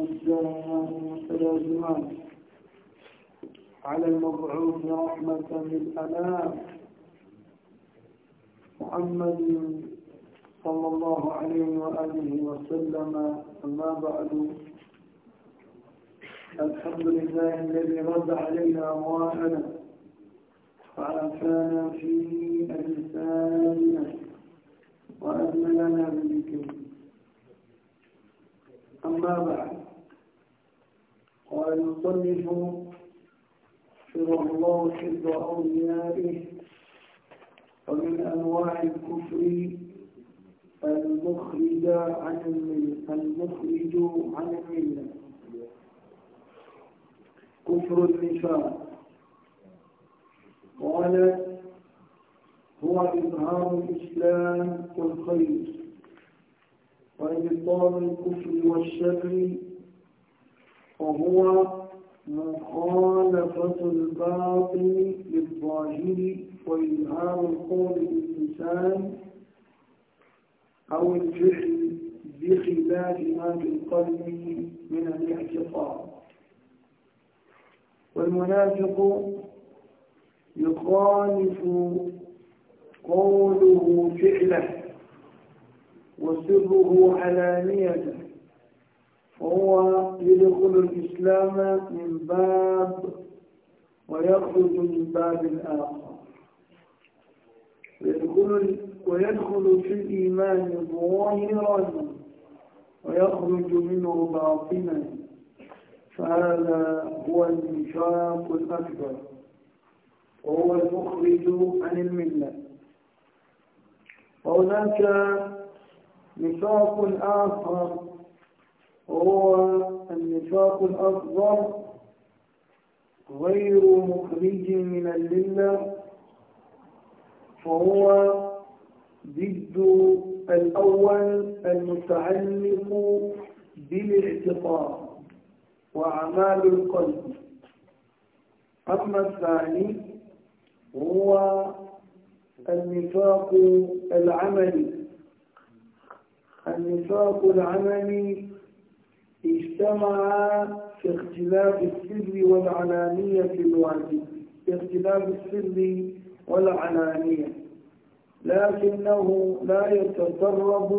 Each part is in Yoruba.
السلازمان على المبعوث رحمة للأنام محمد صلى الله عليه وآله وسلم أما بعد الحمد لله الذي رد علينا أموالنا وعافانا في أجسامنا وأذننا بذكره أما بعد قال المصنف شرع الله حفظ أوليائه ومن أنواع الكفر المخرج عن الملة المخرج عن الملة كفر النفاق قال هو إظهار الإسلام والخير وإبطال الكفر والشر وهو مخالفة الباطن للظاهر وإظهار القول الإنسان أو الفعل بخلاف ما في القلب من الاعتقاد والمنافق يخالف قوله فعله وسره علانيته وهو يدخل الإسلام من باب ويخرج من باب آخر ويدخل, ويدخل في الإيمان ظاهرا ويخرج منه باطنا فهذا هو النفاق الأكبر وهو المخرج عن الملة وهناك نفاق آخر هو النفاق الأكبر غير مخرج من الملة فهو ضد الأول المتعلق بالاعتقاد وأعمال القلب أما الثاني هو النفاق العملي النفاق العملي اجتمع في اختلاف السر والعلانية الواجب في اختلاف السر والعلانية لكنه لا يتسرب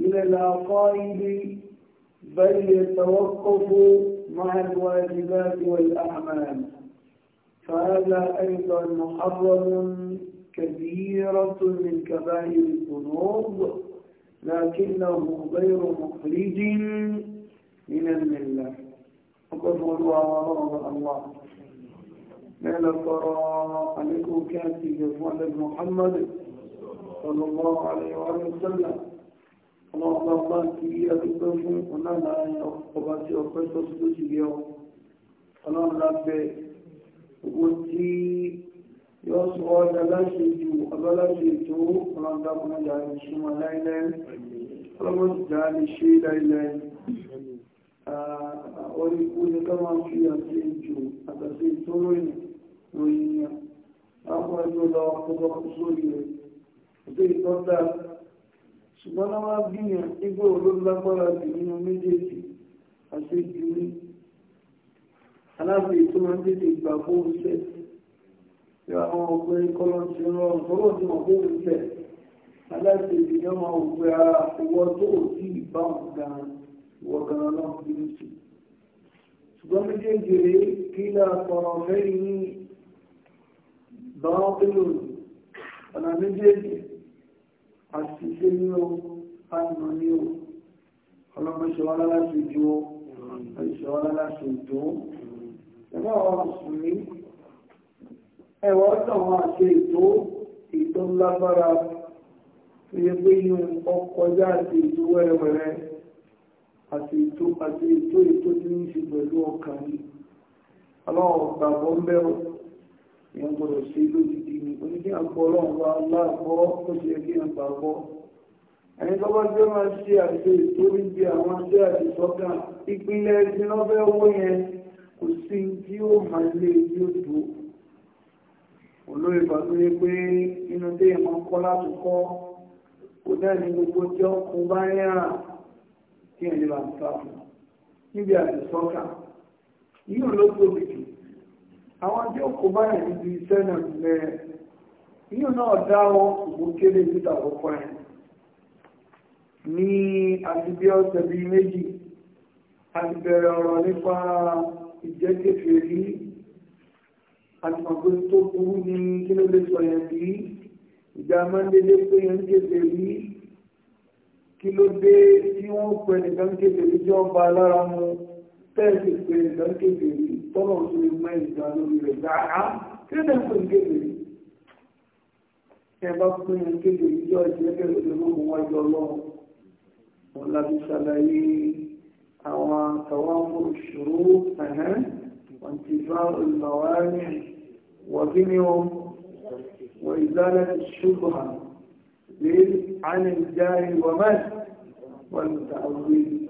إلى العقائد بل يتوقف مع الواجبات والأعمال فهذا أيضا محرم كبيرة من كبائر الذنوب لكنه غير مخرج من الملة وقد ولوا الله لأن ترى عليكم كاتب محمد محمد صلى الله عليه وسلم اللهم الله كي أتكفوا أنا لا أباتي أباتي أباتي أباتي أباتي أباتي yóò sọ ọ́dá láṣẹ ju ọlọ́láṣẹ tó ọlọ́dákùnrin jà lè ṣe wọn láìlẹ́ ọlọ́mọdé jà lè ṣe láìlẹ́ orí ikú ni ká máa fi àti ìjò àtàtì tó ròyìn ròyìn yẹn láwọn ẹjọ́ lọ ọkọ̀ sórí rẹ̀ ètò ìtọ́ta ṣùgbọ́n náà wá gbìyàn igbó olólágbára sí nínú méjèèjì àti ìjúrí aláàbò ètò wọn tètè gbàgbó tí wọ́n mọ̀ pé kọ́lọ́ ti rọrùn tọ́lọ́ ti mọ̀ pé òun tẹ̀ aláìsè ìdíjọ́ máa wò pé ara ah, owó tó ò tí ì bá òun gan wọ gan náà bínú sí ṣùgbọ́n méjèèjì rèé kí láàpọ̀rọ̀ mẹ́rin ní báwọn pẹ̀lú ọ̀nà méjèèjì àṣìṣe ẹwà ọ̀tọ̀wọ̀n àti ètò ètò lágbára tó yẹ pé inú ọkọjá àti ètò wẹ́rẹ́wẹ́rẹ́ àti ètò àti ètò ètò tí ń ṣe pẹ̀lú ọkàn ni aláwọ̀ gbàgbọ́ ń bẹ́rù ìyẹn gbọ́dọ̀ ṣe lódìdí ni oníkí àgbọ̀ ọlọ́run wa aláàbọ̀ ó ṣe yẹ kí àgbà gbọ́ ẹni tó bá jẹ́ máa ṣe àṣe ètò níbi àwọn ṣe àṣìṣọ́gà ìpínlẹ̀ ẹ̀sìn lọ́fẹ́ owó yẹn kò sí tí ó máa lé ní e òdò olórí kan tó yẹ pé inú tó yẹ máa kọ́ láti kọ́ kò náà ní gbogbo tí ọkùnrin bá ń rà kí ẹni bá ń sá fún níbi àdìsọ́kà yíò ló tóbi jù àwọn tí ó kó báyà níbi iṣẹ́ náà lẹ́ẹ̀ yíò náà dá wọn ògbó kéré níta àkọ́kọ́ ẹ̀ ní àtibí ọ̀sẹ̀ bíi méjì àti bẹ̀rẹ̀ ọ̀rọ̀ nípa ìjẹ́kẹ̀fẹ̀ yìí àtìmọ̀gbé tó burú ní kí ló lè sọ yẹn bí ìjà mọ́ndélé pé yẹn ń kéde rí kí ló dé tí wọ́n pẹ́ nìkan kéde rí tí wọ́n ba lára mu tẹ́ẹ̀sì pé nìkan kéde rí tọ́lọ̀ tó lè mọ ìjà lórí rẹ̀ dáa kí ló dé pé ń kéde rí kí ẹ bá pé yẹn kéde rí tí ọ̀sẹ̀ ẹgbẹ́ ló lè mọ̀ wájú ọlọ́run wọn láti ṣàlàyé àwọn àtàwọn ìṣòro ẹ̀hẹ́n. وانتفاء الموانع وغنهم وإزالة الشبهة عن الجاهل ومن والمتعوذين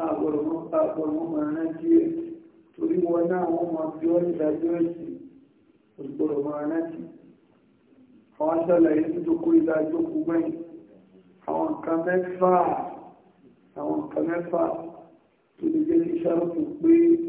أقرهم أناتي تريد وناهم أبجون لجوتي أقرهم أناتي àwọn aṣẹ́lẹ̀ yìí tó kó ìdá ìjókù mẹ́yìn àwọn nǹkan mẹ́fà àwọn nǹkan mẹ́fà tó lè jẹ́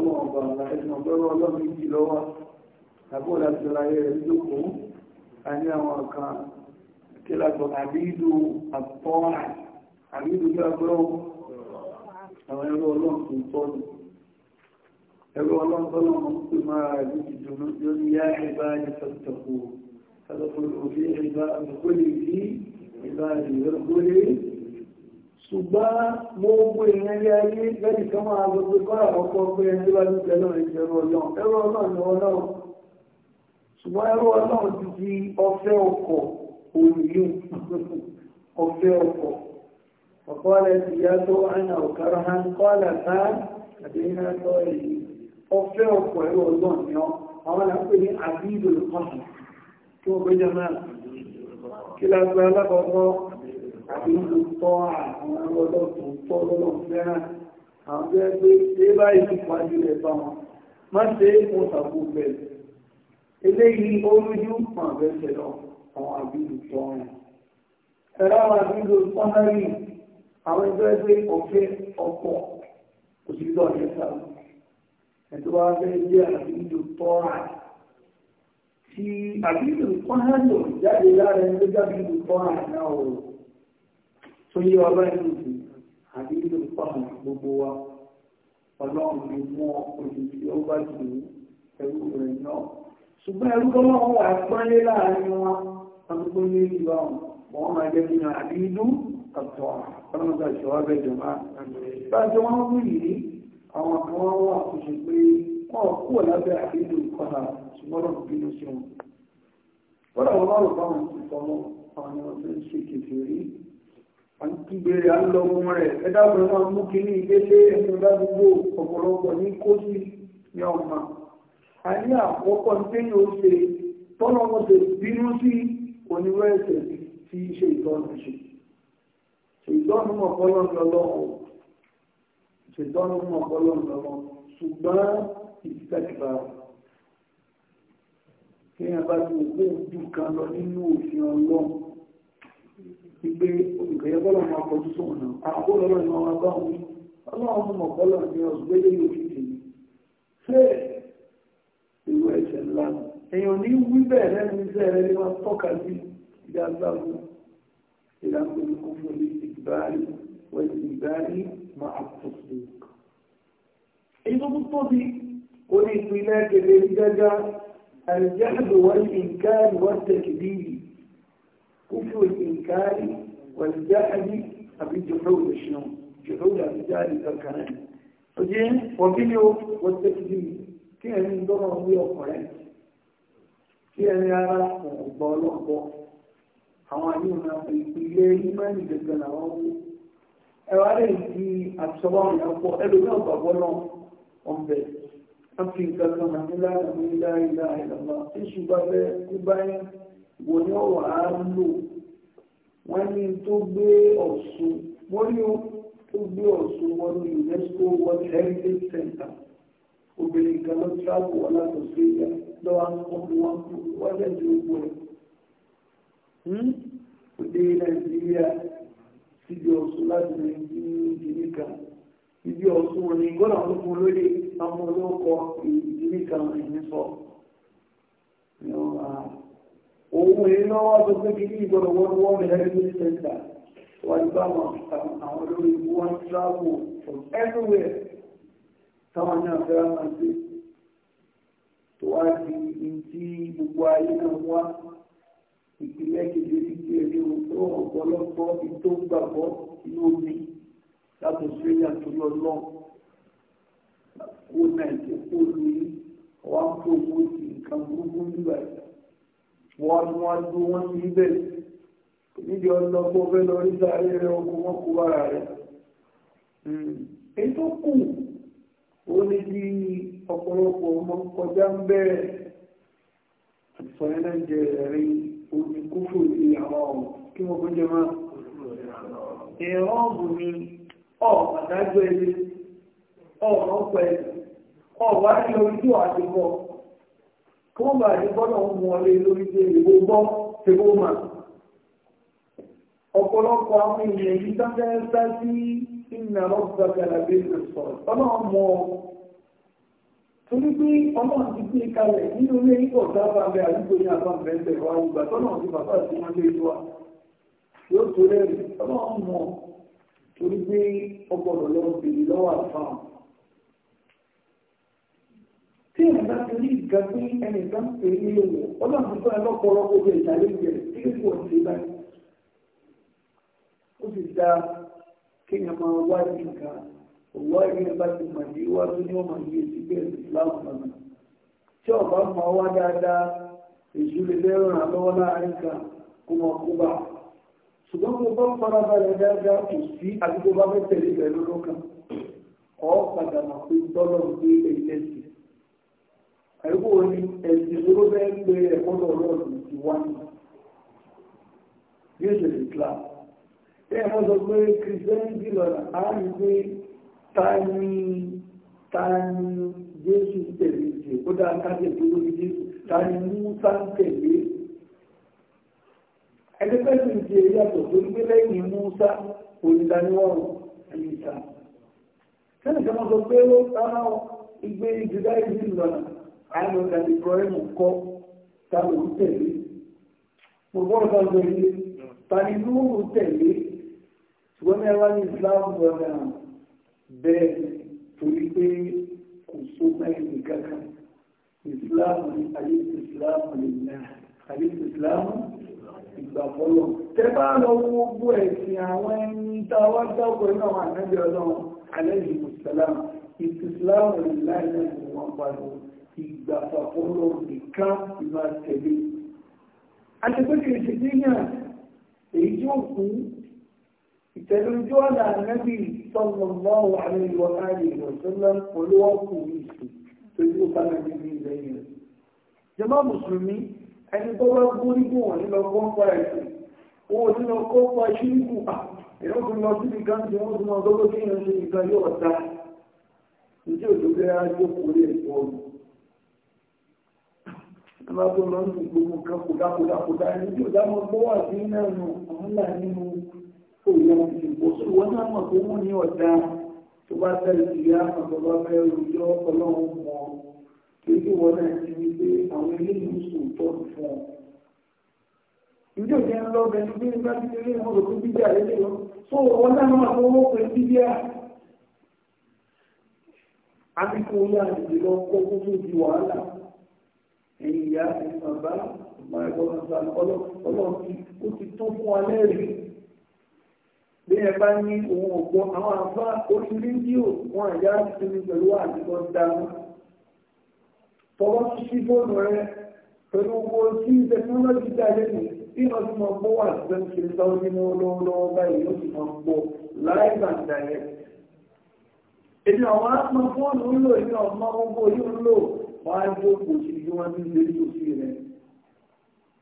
ọlọ́run ọba ọ̀la ẹ̀sìn ọ̀gbẹ́rọ ọlọ́run ìjì lọ́wọ́ tàbí ọ̀la ti ra ẹ̀rẹ́ ìjókòó a ní àwọn kan kí lágbọ́ àbídù àpọ́nà àbídù bí agbọ́rọ̀ àwọn ẹ̀rọ ọlọ́run tó ń tọ́ ni ẹ̀rọ ọlọ́run tọ́lọ́run pè máa rà ní ìdùnnú lórí yá ṣùgbọ́n gbogbo èèyàn ilé ayé lẹ́yìn kan máa gbogbo kọ́ra àkọ́kọ́ pé ẹni bá ní tẹ́lọ ìṣẹ̀rọ ọlọ́run ẹ̀rọ ọlọ́run ni ọlọ́run ṣùgbọ́n ẹ̀rọ ọlọ́run ti di ọ̀fẹ́ ọkọ̀ òyìnbó ọkọ̀ ti yá tó ọ̀kára ha ń kọ́ èyí ọkọ̀ ọlọ́run ni àwọn ní àbí ìdòlùkọ́sùn kí wọ́n gbé jẹ́ náà kí àbí ń tọ́ àwọn ọlọ́dọ̀ tó ń tọ́ lọ́lọ́ fẹ́ràn àwọn tó yẹ pé ṣé báyìí ti pàdé rẹ̀ bá wọn má ṣe é mo tàbí bẹ̀rẹ̀ eléyìí ó rújú fún àbẹ̀ṣẹ̀ lọ àwọn àbílù tọ́ rẹ̀ ẹ̀rọ àwọn àbílù pọ́nárì àwọn ẹgbẹ́ ẹgbẹ́ ọ̀fẹ́ ọ̀pọ̀ òṣìṣẹ́ ọ̀dẹ́sà ẹ̀tọ́ wa fẹ́ jẹ́ àbílù tọ́ rẹ̀ tí àbílù pọ́nárì jáde lára ẹgbẹ́ àbílù tọ́ rẹ̀ náà tó yé wa báyìí nìyí àbí nínú pàmò gbogbo wa ọlọ́run lè mú oṣù tí ó bá jù ú ẹrú rẹ̀ náà ṣùgbọ́n ẹrú tó máa ń wà pọ́nlé láàrin wọn àdúgbò ní ìgbà wọn máa jẹ́ nínú àbí inú ọ̀tọ̀ ọlọ́run tó ṣe wá bẹ́ẹ̀ jọ máa bá jọ wọn wù yìí àwọn kan wá wà kó ṣe pé wọn ò kúrò lábẹ́ àbí inú ṣùgbọ́n ọ̀rọ̀ bínú sí wọn. bọ́dà wọn bá rò báwọn ti sọ àwọn ni wọ́n ń ṣe kékeré wọ́n ti gbèrè à ń lọ ọmọ rẹ̀ ẹ̀dàgbọ́n máa mú kínní ìdílé ẹ̀sùn ládùúgbò ọ̀pọ̀lọpọ̀ ní kóṣì ní ọmọ àní àkọ́kọ́ tẹ́yìn ó ṣe tọ́lọ́ wọn ṣe bínú sí oníwẹ̀ ẹ̀sẹ̀ tí í ṣe ìtọ́nù ṣe ṣètọ́nù ọ̀pọ̀lọ́ lọ́lọ́wọ́ ṣètọ́nù ọ̀pọ̀lọ́ lọ́lọ́wọ́ ṣùgbọ́n ìtẹ́kìbà kí wọ́n bá ti òkú ojú kan lọ nínú òfin ọlọ́run wípé olùkẹ́yẹ́ bọ́lá máa kọjú sóhun náà àkókò lọ́rọ̀ ìmọ̀ wa bá wọn ọlọ́run mọ̀ kọ́lọ̀ ní ọ̀sùn gbélé ní òfin tèmi ṣé irú ẹ̀ṣẹ̀ ńlá nù èèyàn ní wí bẹ́ẹ̀ lẹ́nu iṣẹ́ rẹ ní wọn tọ́ka sí ìdá gbáàgbó ìlànà fún mi ìgbáàrí wẹ̀sì ìgbáàrí máa pọ̀sù. èyí tó tún tóbi ó ìpínlẹ̀ kébé gẹ́gẹ́ àìjẹ́ àdùwọ̀n ìǹkan ìwọ́n tẹ̀kì كفر الإنكار والجحد أبي جحود شنو جحود أبي جحود الكلام وجين وبيلو والتكذيب كان من ضرر ويقرأ كان يرى بالغ àwọn yóò na ìpìlẹ̀ ìmánì gẹ́gẹ́ làwọn wò ẹwà rẹ̀ di àtúnṣọwọ́ àwọn ọ̀pọ̀ ẹlòmíràn gbàgbọ́ náà ọ̀bẹ wọn fi nǹkan kan nàmílá nàmílá ìlà ìlànà tí ṣùgbọ́n bẹ́ẹ̀ kú báyìí wo ni ó wà á lò wọ́n ní tó gbé Ọ̀ṣun wọ́n ní tó gbé Ọ̀ṣun wọnú UNESCO World Heritage Center obìnrin kan ló tíráàbù wọn láti Australia lọ́wọ́ àwọn wọn kú wọ́n dẹ̀ ti gbogbo ẹ̀ hmm? òde Nàìjíríà síbi Ọ̀ṣun láti Nàìjíríà kan ibi Ọ̀ṣun wọn ni gbọ́dọ̀ àwọn ológun lóde àwọn olóko ìdílé kan ìnífọ̀ ni wọ́n máa òun èyí lọ́wọ́ tó pé kí ní ìgbọ́dọ̀ wọ́n wọ́n rẹ̀ health center wọ́n bá wọn àwọn olórí wọn travel from everywhere táwọn náà fẹ́ràn máa ń gbé tó wá di ìdí gbogbo ayé náà wá ìpínlẹ̀ kejì ìdí ẹ̀rí tó ọ̀pọ̀lọpọ̀ ìtò gbàgbọ́ inú omi láti Australia tó lọ lọ kó Nàìjíríà kó lu yìí wọ́n á kó owó sí nǹkan burúkú nígbà yìí wọ́n ni wọ́n dún wọ́n ti bẹ̀ níbi ọ̀dọ́ kó fẹ́ lọ rí sáré rẹ oko wọn kó bára rẹ. Hmm. èyí tó kù ó ní bí ọ̀pọ̀lọpọ̀ ọmọ kọjá ń bẹ̀rẹ̀ àtìsọ̀rẹ́lẹ̀ jẹ ẹ̀rí omi kúfò sí àwọn ọ̀hún kí wọ́n fún jẹ máa ẹ̀rọ ọ̀gùn ni ọ̀pàdájọ́ ẹgbẹ́ ọ̀rọ̀ pẹ̀lú ọ̀wá ojú àdìbọ̀ kó bá ní bọ́lọ̀ ń mú ọlé lórí pé èwo gbọ́ ṣe kó mà. ọ̀pọ̀lọpọ̀ àwọn èèyàn yìí sáfẹ́ sá sí ìnà ọ̀gbà gàlàgbé ìrìnsọ̀rọ̀ ọlọ́run mọ torí pé ọlọ́run ti gbé kalẹ̀ nínú ilé ìkọ̀ sábà bẹ àdúgbò ní àbámbẹ́ ń bẹ̀rẹ̀ wá ìgbà tọ́lọ́run ti bàbá àti wọn lé wa yóò tó lẹ́rìí ọlọ́run mọ torí pé ọgbọ̀dọ̀ lọ́wọ́ bèrè lọ́wọ́ àfáà tí èèyàn bá ti rí ìgbà pé ẹnìkan pè é ní òwò ọlọ́run tó ẹlọ́pọ̀lọ́ ojú ìdálé ìjẹ̀rẹ̀ tí kò wọ́n ti báyìí. ó sì dáa kí èèyàn máa wá ní òwò ní wá tó ní ọmọ bẹ́ẹ̀ tí wá dáadáa èṣù lè ràn lọ́wọ́ láàrin kan ẹ̀wọ́ ni ẹ̀sìn ìṣòro bẹ́ẹ̀ ń pe ẹ̀kọ́ náà lọ́ọ̀dù ti wá bí ó ṣe lè tla bí ẹ̀ wọ́n sọ pé kìrìsìtẹ́nì bí lọ́la á rí pé ta ni ta ni Jésù tẹ̀lé jù ó dáa ká lè tó lórí Jésù ta ni Músà ń tẹ̀lé ẹgbẹ́sìn ti yàtọ̀ tó ń gbé lẹ́yìn Músà onídàáníwọ̀n àyíká sẹ́nìkan sọ pé ó tánà ìgbé Judaism lọ́la àìlọ́dà Ibrahim kọ́ tàbí tẹ̀lé gbogbo ọ̀dọ́ gbẹ̀lé tàbí lóòrò tẹ̀lé ṣùgbọ́n ní ẹwà ní Islam wọ̀nà bẹ́ẹ̀ torí pé kò só mẹ́rin kankan Islam ní àyíkú Islam lè náà àyíkú Islam ìgbàfọ́lọ́ tẹ́bá lọ gbogbo ẹ̀sìn ìlànà ìwọ̀n pàdé ìgbàfàfọ́ lọ́rùn nìkan ìmá tẹ̀lé àtẹ́gbẹ́kẹ̀ẹ́ ìṣẹ́gbẹ́yà èyí tí ó kú ìtẹ̀lójú ọ̀nà ànábì sallallahu alaihi wa alihi wa sallam olówọ́kù ìṣù tó yóò bá nàbí ní ilẹ̀ yẹn jàmá mùsùlùmí ẹni tó bá gbórí gùn wọn nílọ kọ́ńpá ẹ̀sìn owó nílọ ajọ́ kórè ẹ̀kọ́ ọ̀nà ọmọ tó lọ sí gbogbo kan kódákódákódá ní tí ọ̀dá mọ́ tó wà sí náà nù ọ̀húnlà nínú òye ìdìbò sí ìwọ náà mọ̀ tó mú ní ọ̀dá tó bá tẹ̀lé ìyá àtọ̀lọ́ fẹ́ rojọ́ ọlọ́run mọ́ kí ìwọ náà ti ní pé àwọn eléyìí sùn tọ́ fún ọ ìdí òjò ń lọ bẹ̀rẹ̀ bí nígbà tí ilé wọn lò fún bíbí àlejò lọ tó wọn náà máa tó owó pé bíbí à. àbíkú yá ìdílọ kó kó di wàhálà ẹ̀yin ìyá ẹ̀yin bàbá ọmọ ẹ̀gbọ́n bàbá ọlọ́run ti ó ti tó fún alẹ́ rí bí ẹ bá ní ohun ọ̀gbọ́n àwọn àbá orí rédíò wọn àyà sinmi pẹ̀lú àdìgbọ́ dáná tọwọ́ sí fóònù rẹ pẹ̀lú owó tí tẹkinọ́lọ́jì dá lẹ́nu bí wọ́n ti máa gbọ́ wà sẹ́ńtì sáwọn nínú lọ́wọ́lọ́wọ́ báyìí ó sì máa gbọ́ láì bàǹdà yẹn èmi àwọn àpọn fóònù ń lò èmi àwọn ọmọ gbogbo yìí ń lò wọ́n á jókòó sí bí wọ́n ti lè sòsí rẹ̀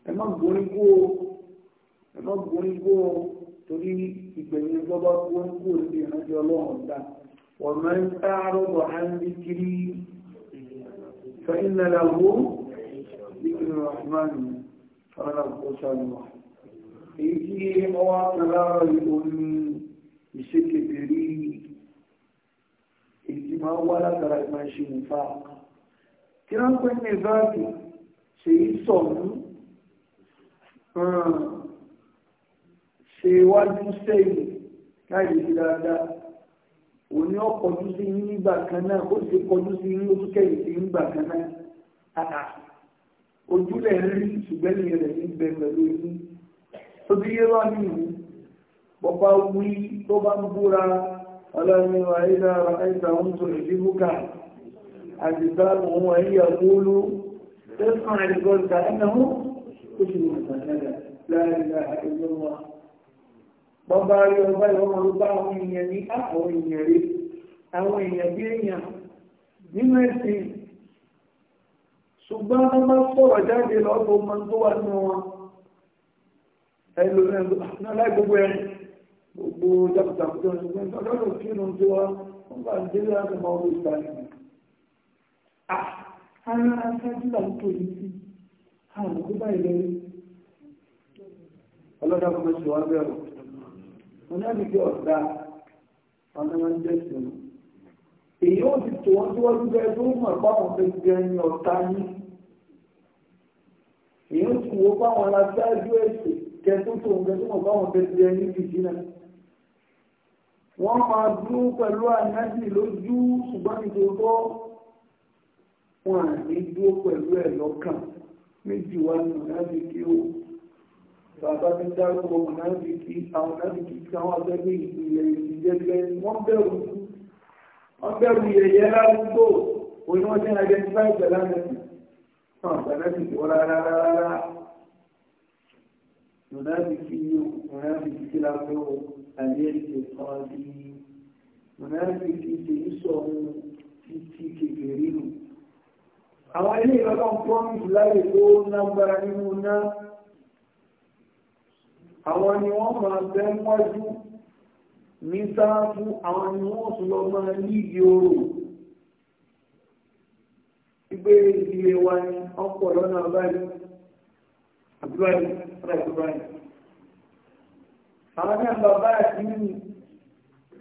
ẹ má borí kó o ẹ má borí kó o torí ìgbẹ̀yìn gbọ́dọ̀ borí kó o lè rántí ọlọ́run dá wọ́n máa ń sáárọ̀ bọ̀ á ń bí kiri fẹ́yìn náà làwọ̀ bí kiri rahman fara kó sáré èyí tí ọwọ́ àtàlà ìlú ìṣèkèbèrè èyí tí máa ń wá látara ìmáṣe nìfà kí wọ́n pè ní báàgì ṣe é sọ̀mú ṣe iwájú sẹ́yìn láì sí dáadáa òní ọkọ̀jú sí yín nígbà kan náà ó sì kọjú sí yín oṣù kẹ́yìn sí nígbà kan náà ojúlẹ̀ rí ṣùgbọ́n ní rẹ̀ ní bẹ pẹ̀lú yín tó bí yé wá ní ìlú bọ́bá wí tó bá ń búra ọlọ́run ìwà ìlà ẹ̀ta عذبابهم أن يقولوا تصنع القول كأنه كشف مثلا لا إله إلا الله bọ́bá rí ọba ìwọ́n ló bá àwọn èèyàn ní àwọn èèyàn rí àwọn èèyàn bí èèyàn nínú ẹ̀sìn ṣùgbọ́n wọ́n bá sọ̀rọ̀ jáde lọ́dọ̀ ọmọ tó wà nínú wọn ẹlòmíràn náà láì gbogbo ẹ̀ gbogbo jàpùtàpùtà ṣùgbọ́n ìtọ́jú kí ló ń tiwa wọ́n láti máa wọ́n ìgbà nìyẹn ara aṣáájú là ń tò yìí sí àwọn òkú báyìí lẹ́yìn ọlọ́dà kọ́mọ ṣe wá bẹ̀rù wọn náà nìkẹ́ ọ̀dà ọ̀nà wọn jẹ́ sùn èyí ó ti tò wọ́n síwájú bẹ́ẹ̀ tó mọ̀ báwọn fẹ́ jẹ́ ní ọ̀tá yìí èyí ó ti wò báwọn aṣáájú ẹ̀sìn kẹ́tó tó ń kẹ́tó mọ̀ báwọn fẹ́ jẹ́ ní bìjì náà wọ́n máa dúró pẹ̀lú àyájì lójú ṣùgbọ́n nítorí wọn à ní dúró pẹ̀lú ẹ̀ lọ́kàn méjì wá ní mọ̀nàbíkí o bàbá ti dárúkọ mọ̀nàbíkí àwọn mọ̀nàbíkí tí àwọn abẹ́gbẹ́ ìpìlẹ̀ ìjẹ́gbẹ́ wọ́n bẹ̀rù wọ́n bẹ̀rù yẹ̀yẹ́ ládùúgbò òní wọ́n ti ń identify pẹ̀lú àmẹ́sì náà mọ̀nàbíkí wọ́n rárá rárá mọ̀nàbíkí mọ̀nàbíkí ti la fẹ́ o àlẹ́ ìṣe kan bí mọ̀nàbíkí ti ń sọ ohun títí kékeré nù àwọn ilé ìrọ̀lọ́ promise láyé tó lágbára nínú náà àwọn ni wọ́n máa bẹ́ wájú ní sáájú àwọn ni wọ́n tún lọ máa lídi oòrò ìgbé ìdílé wa ni ọ̀pọ̀ lọ́nà báyìí àbúráyì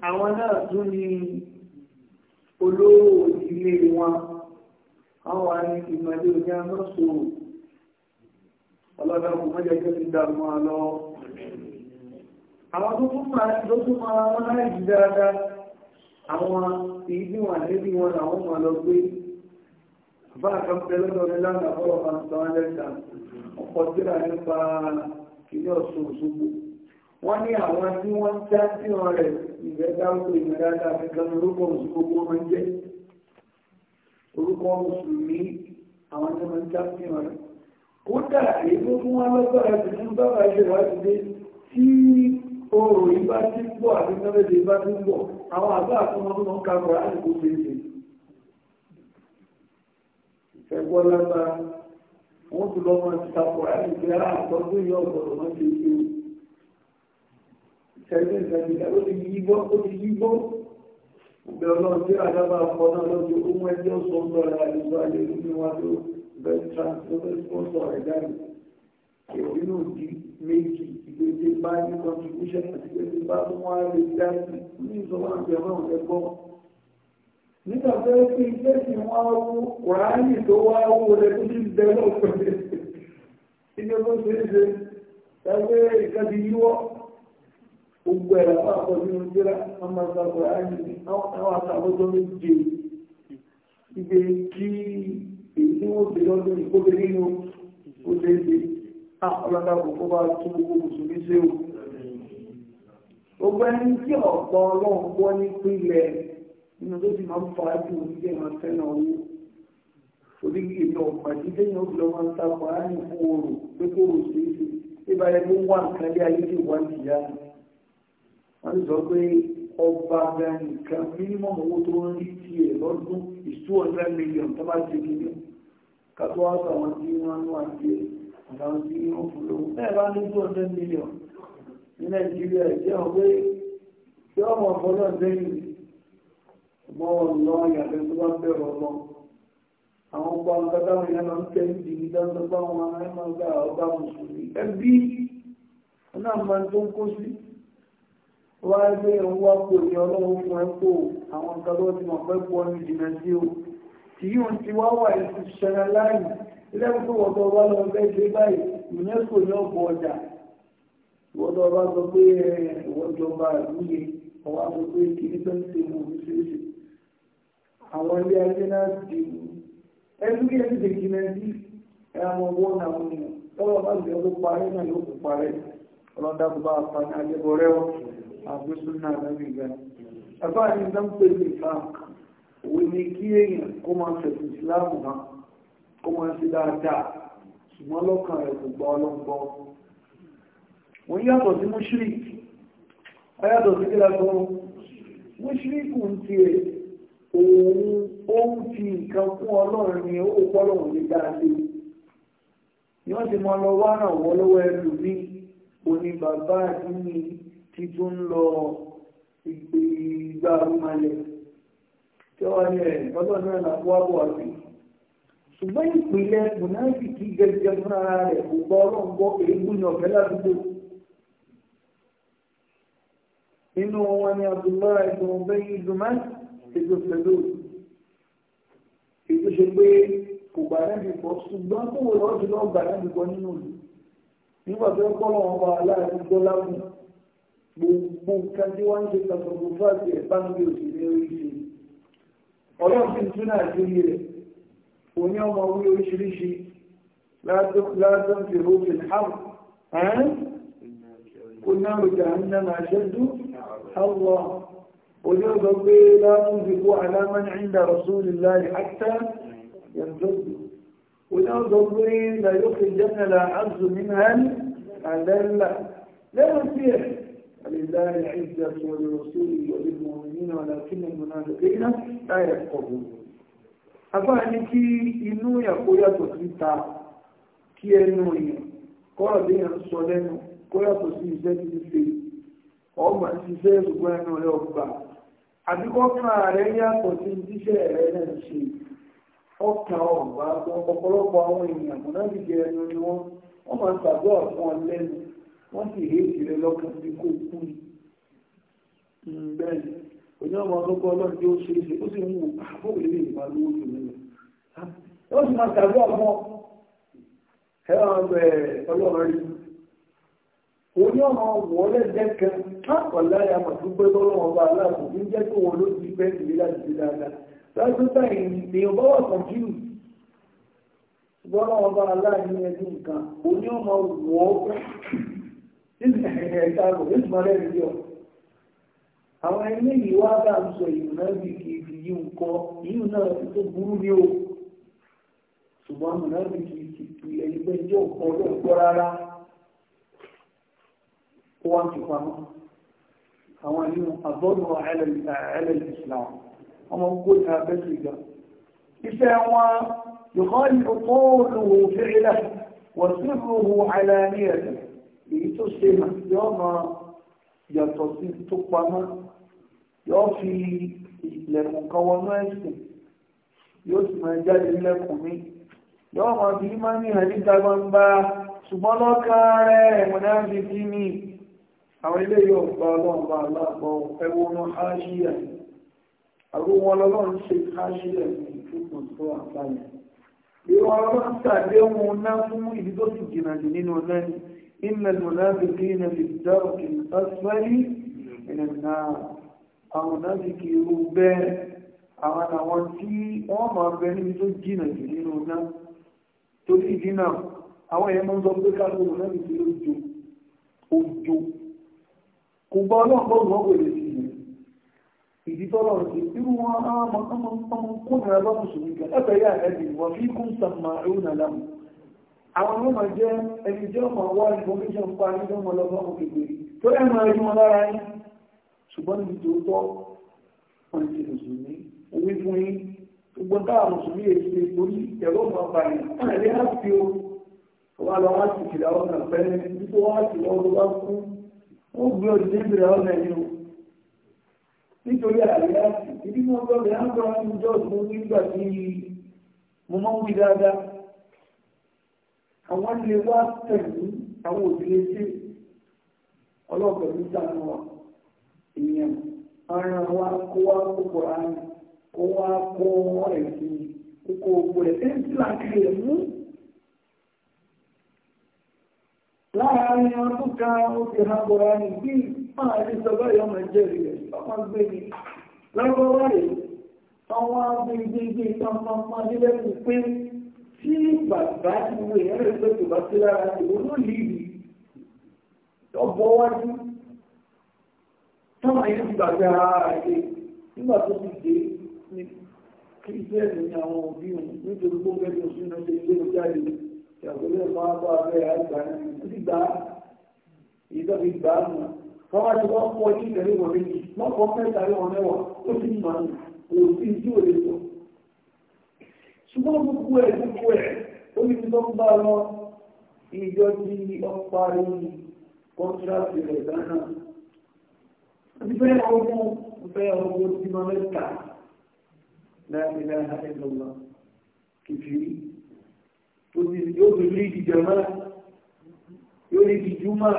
àwọn náà tún ni olówó ìdílé wọn àwọn àárín ìmọ̀lẹ́ òní amọ́sò ọlọ́dọ̀kùn mọ́jẹ̀jẹ́ ti dàmú àlọ́ àwọn tó tún máa ló tún máa wọ́n láìsí dáadáa àwọn èyí tí wọ́n àdébí wọn làwọn máa lọ gbé bá àkàǹpẹ́ lọ́dọ̀ rẹ̀ lánàá fọ́rọ̀ máa sọ wọn lẹ́ta ọkọ̀ tíra nípa ilé ọ̀ṣun òṣogbo wọ́n ní àwọn tí orúkọ mùsùlùmí àwọn tó máa ń já sí wọn kódà èyí tó fún wọn lọ́gbàrá ti fún bàbá ìṣèwádìí dé tí oòrùn yìí bá ti ń bọ̀ àti mẹ́rẹ̀ẹ́dẹ́ bá ti ń bọ̀ àwọn àbá àtúnmọ́túnmọ́ ń kakọ̀ láti kó fèsì ẹgbọ́n lágbára wọ́n tún lọ máa ti takọ̀ láti fi ara àtọ́jú yọ ọ̀gọ̀rọ̀ máa ti ṣe ìṣẹ́jú ìṣẹ́jú ó bẹ ọlọ́run tí àdábà kọ́ náà lójú ohun ẹgbẹ́ ó sọ ń lọ ra ìlú ayé nínú wa tó bẹ́ẹ̀ transfer sponsor rẹ̀ jáde èyí náà di méjì ìgbésẹ̀ bá ní contribution àti ìgbésẹ̀ bá mú wá lè dá sí ní ìsọmọ àti ọmọ àwọn ẹ̀kọ́ nígbà tó yẹ kí iṣẹ́ sì wá wú kùránì tó wá wú rẹ̀ tó ti bẹ̀rẹ̀ ọ̀pẹ̀lẹ̀ ilé é ṣe ẹgbẹ́ ìkàdí yíwọ́ gbogbo ẹ̀rọ fún àkọsí ní jẹ́rà wọ́n máa sọ pé á yìí àwọn àtàkọ́jọ́ méje ibi kí èyí tí wọ́n bèèrè ọdún ìkóbe nínú ó lé lè ọlọ́dà kòkó bá tún gbogbo mùsùlùmí ṣe o. gbogbo ẹni tí ọ̀pọ̀ ọlọ́run gbọ́ ní pínlẹ̀ nínú tó ti máa ń fa ájú oníjẹ́ máa fẹ́ràn owó torí èmi ọ̀pá jíjẹ́ yẹn ó fi lọ́ máa ń ta pàánì fún oòrùn pé kó oòrùn ṣe é ṣe ìbáyẹ̀ wọ́n sọ pé ọba ga nìkan mínímọ̀ owó tó ń rí ti ẹ̀ lọ́dún is two hundred million tó bá ti di ní kátó wá sọ àwọn tí wọ́n ń wá sí àwọn tí wọ́n fún lówó bẹ́ẹ̀ bá ní two hundred million ní nàìjíríà jẹ́ ọ̀pẹ tí wọ́n mọ̀ fọlọ́ lẹ́yìn mọ́ wọn lọ ìyàgbẹ́ tó bá bẹ̀rù ọlọ́ àwọn ọba ọ̀gádáwọn ìyá máa ń tẹ́ ní ìdí dáńtọ́ bá wọn ẹ̀ máa gbà ọba mùsùlùmí ẹbí ọ̀nà wá gbé òun wá pò ní ọlọ́run fún ẹ pò àwọn nǹkan ló ti mọ̀ pé pọ̀ ní ìdìnnà sí o ti wá wà láì lẹ́yìn tó wọ́n tó wá lọ fẹ́ báyìí ní ọ̀pọ̀ ọjà wọ́n tó wá sọ pé jọba ọwọ́ sọ pé ṣe mọ̀ oríṣiríṣi àwọn ilé ayé náà ti ẹdúgbò ẹni jìnnà sí náà wọn ni tọ́wọ́ bá àbí súnà lẹ́yìn gan. ẹ̀fọ́ àti ìdán pé ní ìfàk òwe ni kí èèyàn kó máa fẹ̀sìn ìsìláàmù hàn kó máa ṣe dáadáa ṣùgbọ́n lọ́kàn rẹ̀ kò gbọ́ ọlọ́gbọ́. wọ́n yàtọ̀ sí mushrik ayàtọ̀ sí kí lásán mushrik ń tiẹ̀ òun ó ń fi nǹkan fún ọlọ́run ni ó pọ́lọ́run lè dáadáa ni wọ́n ti mọ lọ wá ràn wọ́ lọ́wọ́ ẹlòmíì oní bàbá àdúgbò tí tó ń lọ ìpè ìgbà arúmalẹ̀ tí wọ́n ní ẹ̀ lọ́dọ̀ náà là wá bọ̀ àbí. ṣùgbọ́n ìpìlẹ̀ mùnáfìkì gẹ́gẹ́ fúnra rẹ̀ kò gbọ́ ọlọ́run gbọ́ èébú ní ọ̀fẹ́ ládùúgbò. nínú wọn ni abdullahi ibùn bẹ́yìn ìdùnmá ètò pẹ̀lú ètò ṣe pé kò gbà lẹ́bi pọ̀ ṣùgbọ́n kó wọ́n lọ́ọ́ ti lọ́ọ́ gbà lẹ́bi pọ̀ nínú ìlú nígbà tó ń kọ́ lọ́wọ́ gbogbo nǹkan tí wọ́n ń ṣe tọ̀tọ̀tọ̀ fọ́ọ̀tì ẹ̀ bá ń gbé òṣèré orí ṣe ọlọ́run sì ń tún náà sí orí rẹ̀ òní ọmọ orí oríṣiríṣi látọ́n ti rúfì hàn án kò náà rùjà ń náà máa ṣẹ́dú àwọ̀ òní ọ̀dọ́ pé látọ́n ti kó alámán ìdá rasúlì láì àtà yàndọ́dù òní ọ̀dọ́ pé láyọ́kì jẹ́ فلله العزة ولرسوله وللمؤمنين ولكن المنافقين لا يفقهون àbá ní kí kó yàtọ̀ síta kí ẹnu yàn kọ́rọ̀ bí yàn sọ lẹ́nu kó yàtọ̀ sí iṣẹ́ tí ń ṣe ọmọ ṣiṣẹ́ ṣùgbọ́n ẹnu rẹ ọgbà àbí rẹ yàtọ̀ sí iṣẹ́ rẹ náà ṣe ọgbà àwọn èèyàn ẹnu ni máa ń ọ lẹ́nu wọ́n sì rí ìṣirẹ lọ́kàn bí kò kú ni hmm, bẹ́ẹ̀ ni òní ọmọ ọlọpọ ọlọ́run tí ó ṣe é ṣe ó sì ń wò àbúrò lè má lówó jù mí lọ ah, ó sì máa tàbí ọmọ ẹ ọlọ́run rí òní ọmọ wọ lẹ́gbẹ́ kan káàkọ̀lá ya mà tó gbé lọ́wọ́ ọba aláàbò ní jẹ́ kó wọn ló ti bẹ́ẹ̀ nílé láti ṣe dáadáa láti báyìí ọba aláàbò ní ẹdín nǹkan òní ọmọ wọ àwọn ẹgbẹ́ yìí wá bá ń sọ ìrùnà bí kì í fi yí ń kọ́ yíò náà ti tó burú ní o ṣùgbọ́n ìrùnà bí kì í ti fi ẹni pé jẹ́ òkú ọjọ́ ìkọ́ rárá ó wá ń pamọ́ àwọn àníwọ̀n àbọ́nù ẹlẹ́lì èyí tó ṣe mà yóò máa yàtọ̀ sí tó pamọ́ yóò fi ìlẹ̀kùn kan wọnú ẹ̀sìn yóò sì máa jáde nílẹ̀kùn mi yóò máa fi máa ní ìhàn níta gbangba ṣùgbọ́n lọ́kàn rẹ̀ ẹ̀mọ̀ náà fi sí mi àwọn ilé yóò gba ọlọ́run bá aláàbọ̀ ẹwọ́nú áṣíyà àrùn wọn lọ́lọ́run ṣe áṣíyà ní ìfúnpọ̀ tó àbáyà ìwọ̀n ọlọ́run tàbí ohun náà fún ìdí tó sì jìnnà jù nínú ọlẹ́ni إن المنافقين في الدرك الأسفل من النار àwọn náàfikì irú bẹ́ẹ̀ àwọn àwọn tí wọ́n máa bẹ níbi tó jìnà jù nínú náà tó sì dínà àwọn èèyàn máa ń sọ pé káàkiri òun náà nìkiri òjò òjò kò bá ọlọ́pàá òun ọgbẹ̀ lè sí ìdí tọ́lọ̀ sí irú wọn á máa kó nira bá mùsùlùmí kan ẹgbẹ̀rẹ́ àẹ́bì wọ́n fi kún sàmà ìrùnà lámù àwọn ọmọ jẹ́ ẹni tí ọmọ wá information pa ní ọmọ lọ́gbọ́n òkèkè tó ẹ̀ máa rí wọn lára yín ṣùgbọ́n níbi tó tọ́ wọn ti mùsùlùmí owó fún yín gbogbo táwa mùsùlùmí èyí ṣe torí ẹ̀rọ ọmọ àbàyàn ẹ̀rí á fi o wà lọ wá sí ìkìlà ọ̀nà pẹ́ẹ́rẹ́ nípa wá sí ọdún bá kú wọ́n gbé ọdún ní ìbìlẹ̀ ọ̀nà yìí o nítorí àríyá ìdí mọ́ gbọ́dọ̀ yá ń gbọ́ ọdún jọ́ọ̀dún nígbà tí mo máa wí dáadáa àwọn lè wá pẹ̀lú àwọn òbílẹ̀ sí ọlọ́pẹ̀lú sánú wa èèyàn ara wa kó wá kókò ara kó wá kó ẹ̀sìn kókò ògbò rẹ̀ tí ń tíra kiri rẹ̀ mú láàárín ọdún kan ó ti ha bọ̀ra ní bí máa rí sọ́gbọ́ ìyọ́mọ ìjẹ́rìí rẹ̀ ọmọ gbé ni lọ́gbọ́n wáyé àwọn agbègbè ìgbè ìtàn pamọ́ nílẹ̀ kù pé tí bàbá ti wo èèyàn rẹ̀ pé kò bá sí lára olólìrì ọgbọ́n wájú táwọn èèyàn ti gbàgbé ara rẹ̀ nígbà tó ti dé ní kírísítẹ́ẹ̀lì ní àwọn òbí òun nítorí pé ó fẹ́ tó sínú ṣe ilé jáde ìyàgbọ́lẹ̀ máa bá abẹ́ àgbà náà ní gbà ìdọ́bí gbà á mọ̀ wọ́n wá ti wọ́n pọ̀ ní ìtẹ̀lé wọn méjì wọ́n pọ̀ mẹ́ta lé wọn mẹ́wàá ó sì mọ̀ ní òsì tí ò lè sọ ṣùgbọ́n gbogbo ẹ̀ gbogbo ẹ̀ ó ní tó ń bá lọ ìjọ tí ó parí kọ́ńtíráàtì rẹ̀ gánà ti fẹ́ ọgbọ́n fẹ́ ọgbọ́n tí wọ́n mẹ́ta láti láti ẹ̀lọ́gbà kìfìrí tó ní yóò fi rí ìjọba yóò rí ìjúmọ́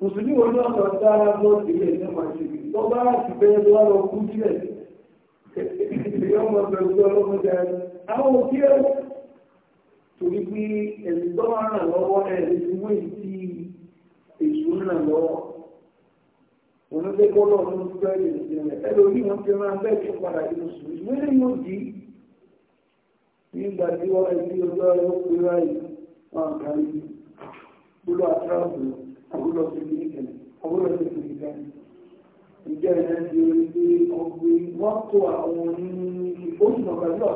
mùsùlùmí wọn náà lọ dára lọ sílẹ̀ nípa ṣe lọ́gbà láti fẹ́ lọ́wọ́ kú sílẹ̀ ẹ̀yọ́ mọ̀ pẹ̀lú ọlọ́mọdé àwọn òkè torí pé ẹ̀sìn tó máa ràn lọ́wọ́ ẹ̀sìn tí wọ́n ti èṣù ràn lọ́wọ́ òun lé gbọ́dọ̀ ní ojú ẹ̀yẹ ìṣẹ̀lẹ̀ ẹlòmí wọn ti máa bẹ́ẹ̀ tó padà sí mùsùlùmí wọ́n lè yóò dí nígbà tí wọ́n ẹbí ọjọ́ ẹ̀rọ pé ráyè wọn kà ń bí gbọ́dọ̀ àtúráàbù àbúrò sí ní ìkẹlẹ̀ àbúrò sí ní ìkẹlẹ̀ ìjẹ́ ẹ̀rẹ́ ti rí pé ọgbẹ́ wọ́n tó àwọn onínú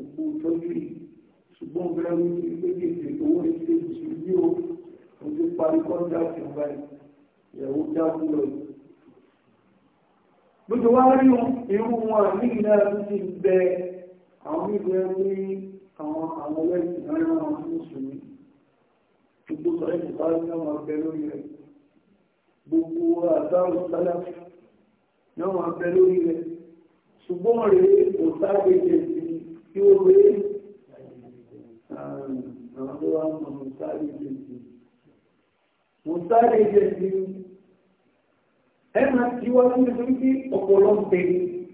òkú tọ́jú yìí ṣùgbọ́n bẹ́ẹ̀ ní méjèèjì owó ilé ìṣú ní o mo ti parí kọ́ńtàkì báyìí ìyàwó dákú lọ yìí. lójú wá rí irú wọn ní ìlà tó ti bẹ àwọn ìgbẹ́ ní àwọn àwọn wẹ́ẹ̀sì náà wọn fún mùsùlùmí gbogbo sọ̀rọ̀ ìbára ní àwọn abẹ lórí rẹ̀ gbogbo àtàwọn sálà ní àwọn abẹ lórí rẹ̀ ṣùgbọ́n rèé kò sáré jẹ́ tí ó wé àwọn tó wá mọ̀ mùsáré ìjẹ̀sì mùsáré ìjẹ̀sì ẹ máa ti wá lórí lórí sí ọ̀pọ̀lọpọ̀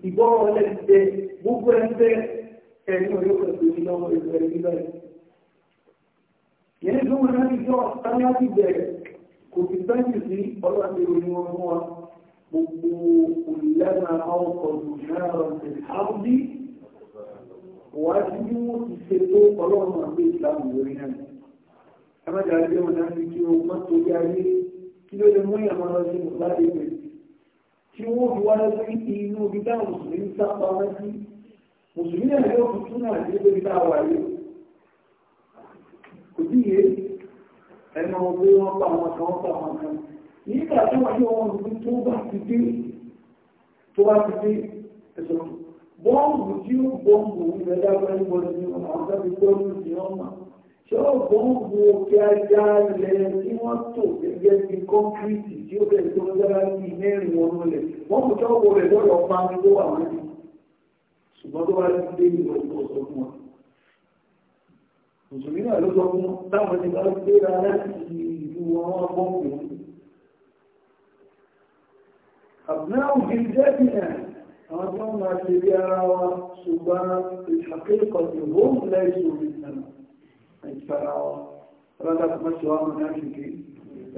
ìgbọ́rọ̀ lẹ́sẹ̀ gbogbo ẹ̀ńtẹ́ ẹ̀rí ọ̀yọ́ pẹ̀lú ìlọ́wọ́ ìlú ẹ̀rí lọ́yẹ̀ yẹn tó wọn láti jọ tání láti bẹ̀rẹ̀ kò sì sáyẹ̀ sí ọlọ́ọ̀tẹ̀ ìròyìn wọn fún wa gbogbo olùlẹ́nà àwọn ọ̀dùn náírà ọ̀sẹ̀ wájú bí wọ́n ti ṣe tó ọlọ́run àgbé ìsìláàmù lórí náà ẹgbẹ́ta ẹgbẹ́ wọn náà ní kí wọ́n má torí ayé kí ló lè mú ìyàmọ́ lọ sí ìgbà lẹ́gbẹ̀ẹ́ tí wọ́n fi wá lọ sí inú ibi táwọn mùsùlùmí sápá wá sí mùsùlùmí náà yóò fi tún náà ibi tá a wà yìí kò sí yé ẹnu ọgbẹ́ wọn pa àwọn kan pa àwọn kan nígbà tí wọ́n yóò wọn tó bá ti dé tó bá ti dé ẹ̀sọ́ bọ́ǹbù tí ó bọ́ǹbù ìrẹ̀dá pẹ̀lú bọ́ọ̀lù àwọn tàbí bọ́ọ̀lù tí wọ́n mọ̀ ṣé ó bọ́ǹbù òkè ajá ilẹ̀ tí wọ́n tò gẹ́gẹ́ bí kọ́ńkírìtì tí ó bẹ̀rẹ̀ tó dára sí mẹ́rin wọn lẹ̀ bọ́ǹbù tó wọ rẹ̀ lọ́dọ̀ pa ní tó wà wọ́n ṣùgbọ́n tó bá ti dé ìwọ̀ ìwọ̀ sọ fún wọn. mùsùlùmí náà ló sọ fún táwọn ti bá gbéra láti ìlú wọn wọn bọ́ǹbù. àbúrò àwọn tó ń máa ṣe rí ara wa ṣùgbọ́n ìṣàkéèkọ̀ tí ó ń lẹ́yìn orí ìsànà ìsànà wa rárá tó máa ṣe wá mọ̀ náà ṣìkè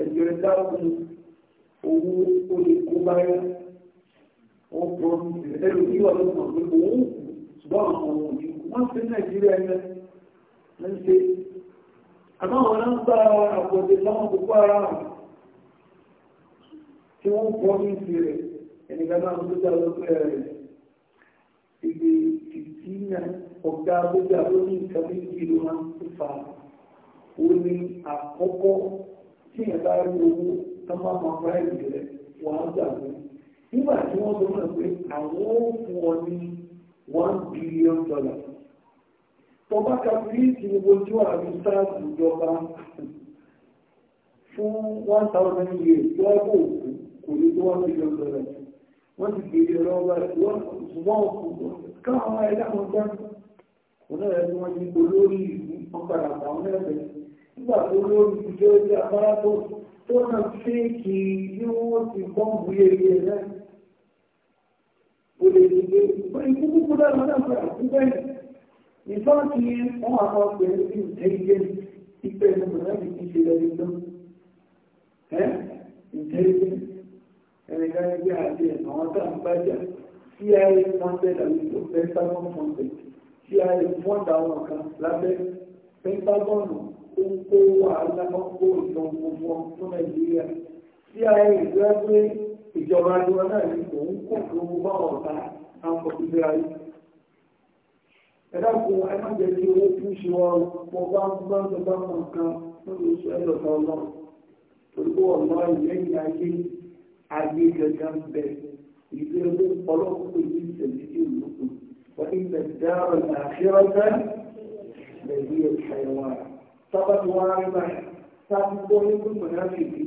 ẹ̀jẹ̀ rẹ̀ dákun owó ó lè kó báyà ó pọ̀ ẹ̀rù bí wà ló mọ̀ pé owó ṣùgbọ́n àwọn ohun òní wọ́n ṣe nàìjíríà yẹn ń ṣe àmọ́ àwọn náà ń bá àpòjì láwọn gbogbo ara tí wọ́n pọ̀ ní ìsìn rẹ̀ ẹni kan náà tó dáa lọ́pẹ́ rẹ̀ ibi títí náà ọ̀gá tó dáa lórí nǹkan méjì ló máa ń fa ó ní àkọ́kọ́ tí ẹ̀ bá rí owó tó máa máa bá ìlú rẹ̀ wàá gbàgbé nígbà tí wọ́n sọ náà pé àwọn ó fún ọ ní one billion dollar tọba kàbíyèsí ojú àmì sáàtì ìjọba fún one thousand years lọ́gbọ̀n òkú kò ní tó one billion dollar wọ́n ti bèèrè ọ̀rọ̀ wọ́n káwọn ọmọ ẹ̀dá wọn gbá wọn náà ẹni wọ́n yí olórí ìlú ọ̀padà àtàwọn ẹ̀bẹ̀ nígbà tó lórí ìjọ ilé afárá tó tó náà fẹ́ẹ̀kì ní wọ́n ti bọ́ǹbù yẹyẹ náà ó lè ní pé wọ́n ikú púpú dára náà fẹ́ àkúgbẹ́ nìkan ti wọ́n àwọn ọ̀pẹ̀ ní ìtẹ́jẹ́ ìpẹ́ ẹnìkan ẹgbẹ́ àti ẹ̀nà wọn tá ń bájà cia funded àti tó pentagon funded cia fund àwọn kan lábẹ́ pentagon tó ń kó wàhálà wọn kó ìtàn gbogbo fún nàìjíríà cia ìgbà pé ìjọba àdúrà náà ní òun kò lówó bá ọ̀tá àwọn ìgbéra yìí ẹ̀dàkùn ẹ̀mọ́jẹ̀ tí owó tún ṣe wọ́n mọ́ bá ń bá ń bá ń kan lórí oṣù ẹ̀lọ́ta ọlọ́run ayé gangan bẹ ìdí ọdún ọlọ́run tó ní ìṣẹ̀lẹ̀ tí ó lókun wọ́n ní mẹ̀dáàrọ̀ àṣírọ́tà lẹ́yìn ẹ̀ṣẹ̀wà sábà tí wọ́n rí báyìí sábà tó ní gbogbo náà fìdí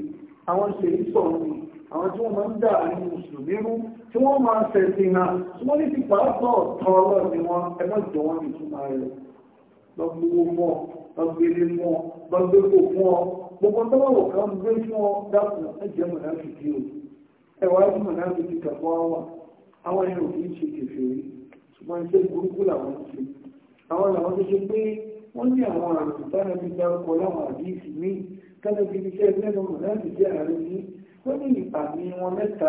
àwọn ṣèlú sọ̀rọ̀ ni àwọn tí wọ́n máa ń dà ní mùsùlùmí rú tí wọ́n máa ń ṣẹ̀sìn hàn tí wọ́n ní ti pàápàá ọ̀tọ̀ ọlọ́run ni wọ́n ẹ má jọ wọ́n ní ìtumọ̀ rẹ̀ lọ́gbogbo mọ́ lọ́gbélé mọ́ lọ́gbégbò fún gbogbo tọ́wọ́ kan gbé fún ọ dákùn ẹ̀jẹ̀ mọ̀ náà fìdí o ẹwà ìmọ̀ náà ló ti tẹ̀kọ́ wá àwọn ẹ̀rọ kì í ṣe kẹfẹ́ rí ṣùgbọ́n iṣẹ́ burúkú làwọn ń ṣe àwọn làwọn tó ṣe pé wọ́n ní àwọn àrùn tára ti dárúkọ láwọn àdíìsì ní tọ́lá ti fi iṣẹ́ ẹgbẹ́ lọ́mọ láti jẹ́ ààrẹ ní ó ní àmì wọn mẹ́ta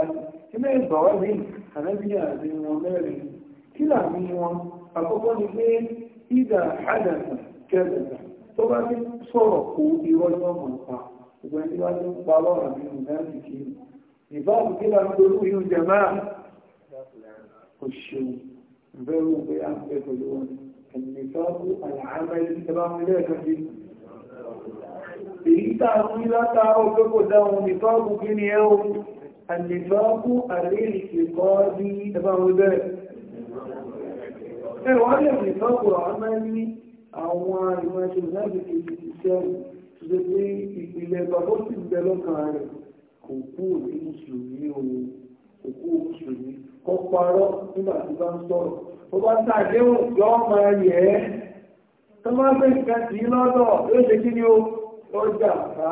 ẹgbẹ́ ìgbàwá mi àrẹ́bí àmì wọn mẹ́rin kí làmì wọn àkọ́kọ́ ni pé ìdà àdàtà kẹlẹ̀dà tó bá ti sọ̀rọ̀ kó irọ́ lọ́mọ pa ìgbà tí pa lọ́rọ̀ mi láti kí ni ìbáàbù kí lọ nítorú yíò jẹmá oṣù bẹ̀rù pé a ń pẹ̀lú wọn ìnìfàbù àlàámẹ́lì ìjọba mílẹ̀ kọjí èyí tàà ní látàrọ pé kò dáhùn nìfàbù kí ni ẹ́ ohun àlèfàbù àlèlì ìkọ́ ní ìjọba mílẹ̀ ẹ̀wọ́n lè nìfàbù àmẹ́lì àwọn ìmọ̀ ìṣẹ̀lẹ̀ ìṣẹ̀lẹ̀ ìṣẹ̀lẹ̀ ìpìlẹ̀ bàbá sì bẹ̀ lọ́kàn rẹ̀ òkú òní mùsùlùmí o òkú mùsùlùmí kọ́ parọ́ nígbà tí bá ń sọ̀rọ̀ tó bá ń tàdéhùn yọ́ máa yẹ ẹ́ tó máa fẹ́ nǹkan tì í lọ́dọ̀ yóò ṣe kí ni ó lọ́jà bá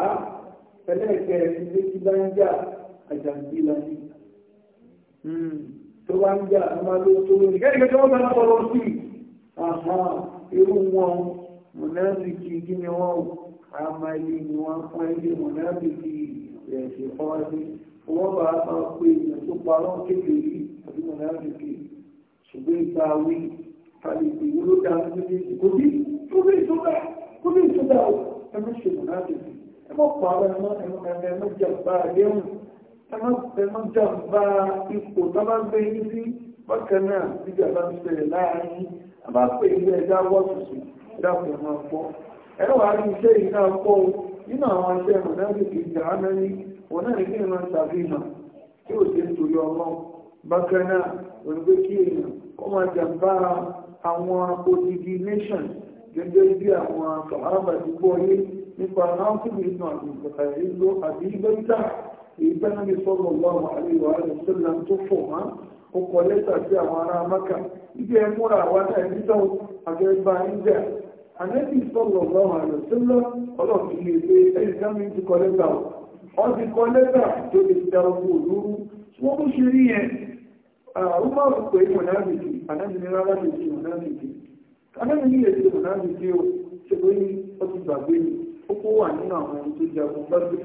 ẹlẹ́ẹ̀kẹ́ ilé tí bá ń jà àjàǹbí la ní hmm. tó bá ń jà tó máa ló tó lónìí kẹ́kẹ́ tó bá ń sọ̀rọ̀ sí àwọn irú wọn mọ̀nàbìkì kí ni wọ́n àmàlì ni wọ́n fún ẹgbẹ́ mọ̀nàbìkì yìí ẹ̀sìn kan wá sí owó bá a máa pé èèyàn tó parọ́ kékeré àbí wọn náà lè fi ṣùgbọ́n ìgbà wí kálí ìwé ló dá ní méjèèjì kò bí kò bí ìtúndà kò bí ìtúndà o ẹ má ṣe wọn náà lè fi ẹ má parọ́ ẹ má ẹ má ẹ má jàmbá àdéhùn ẹ má ẹ má jàmbá ipò tó bá gbé yín sí bákan náà níjà bá ń ṣẹlẹ̀ láàárín a bá pè ẹja wọ́ọ̀tùsù dákùn ẹ̀ máa pọ̀ ẹ wàá ní iṣẹ́ yìí náà nínú àwọn iṣẹ́ mọ̀nàbí kìí jà wọn náà ní kí ni máa ń ṣàfihàn tí ò ṣe ń torí ọlọ́ bákan náà olùgbé kí èèyàn kó máa jàǹbá àwọn odidi nation gẹ́gẹ́ bí àwọn sàmáràbà ti gbọ́ yé nípa ráńkìlì ìtàn àgbègbè ìlú àbí ìgbẹ́ta èyí bẹ́ẹ̀ ní sọ́dọ̀ lọ́wọ́ àríwá rẹ̀ sílẹ̀ tó àwọn ará mẹ́kà ibi ẹ múra àwọn ará ẹni tó ti kọ wọ́n ti kọ lẹ́tà tó lè da ogun olóró wọ́n mú ṣe rí yẹn àwọn máa ń pè é mọ̀nàmìtì àdámìnira rárá lè ṣe mọ̀nàmìtì àdámìnira lè ṣe mọ̀nàmìtì o ṣe pé ó ti gbàgbé ni ó kó wà nínú àwọn ohun tó jagun gbàgbé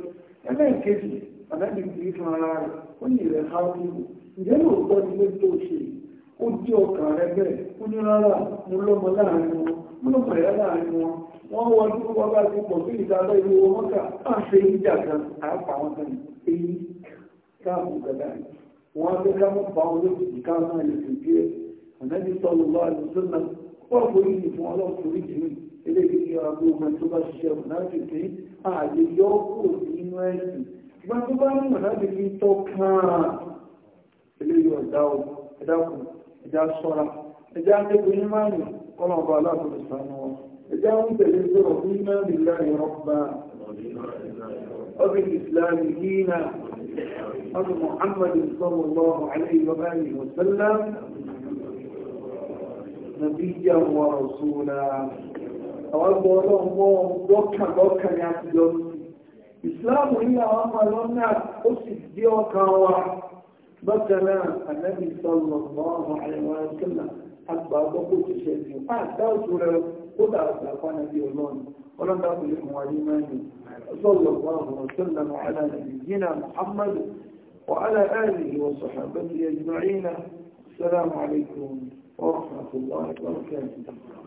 ẹlẹ́ẹ̀kejì àdámìnira fún ara rẹ̀ ó ní ìrẹ̀ ha ó ǹjẹ́ lóòótọ́ ni ló tó ṣe ó jẹ́ wọ́n wọ́n tí wọ́n bá ti pọ̀ sí ìdájọ́ ìlú wọn kà á ṣe ìjà kan àápa wọn kan èyí káàkùn gàdá wọn á fẹ́ ká mọ́ bá wọn lóṣù tí ká máa lè fi díẹ̀ ànábi sọ̀rọ̀ lọ́wọ́ àdúgbò náà wọ́n kò ní ìfún ọlọ́run torí jìnnì eléyìí ní ọgbọ́n ọmọ tó bá ṣiṣẹ́ ọ̀nà láti pé ààyè yọ kò nínú ẹ̀sìn ìgbà tó bá ní ọ̀nà láti fi tọ́ kàn eléyìí ọ̀dà ẹ̀dá kù ẹ̀dá sọ́ra ẹ̀dá akẹ́kọ̀ọ́ ní márùn-ún kọ́nà ọba aláàbò lè sànú wọn. جاءوا تجدوا رضينا بالله ربا وبالإسلام دينا محمد صلى الله عليه وآله وسلم نبيا ورسولا أولا الله دوكا دوكا يا ìsìláàmù ní àwọn ọmọ lọ́nà مثلا النبي صلى الله عليه bákanáà ànábì sọ́lọ̀ mọ́ àwọn àìwọ̀n kódà àgbàkọ́ nàbí ọlọ́run ọlọ́run dákùn lè mú wa ní mẹ́rin صلى الله وسلم على نبينا محمد وعلى آله وصحبه أجمعين السلام عليكم ورحمة الله وبركاته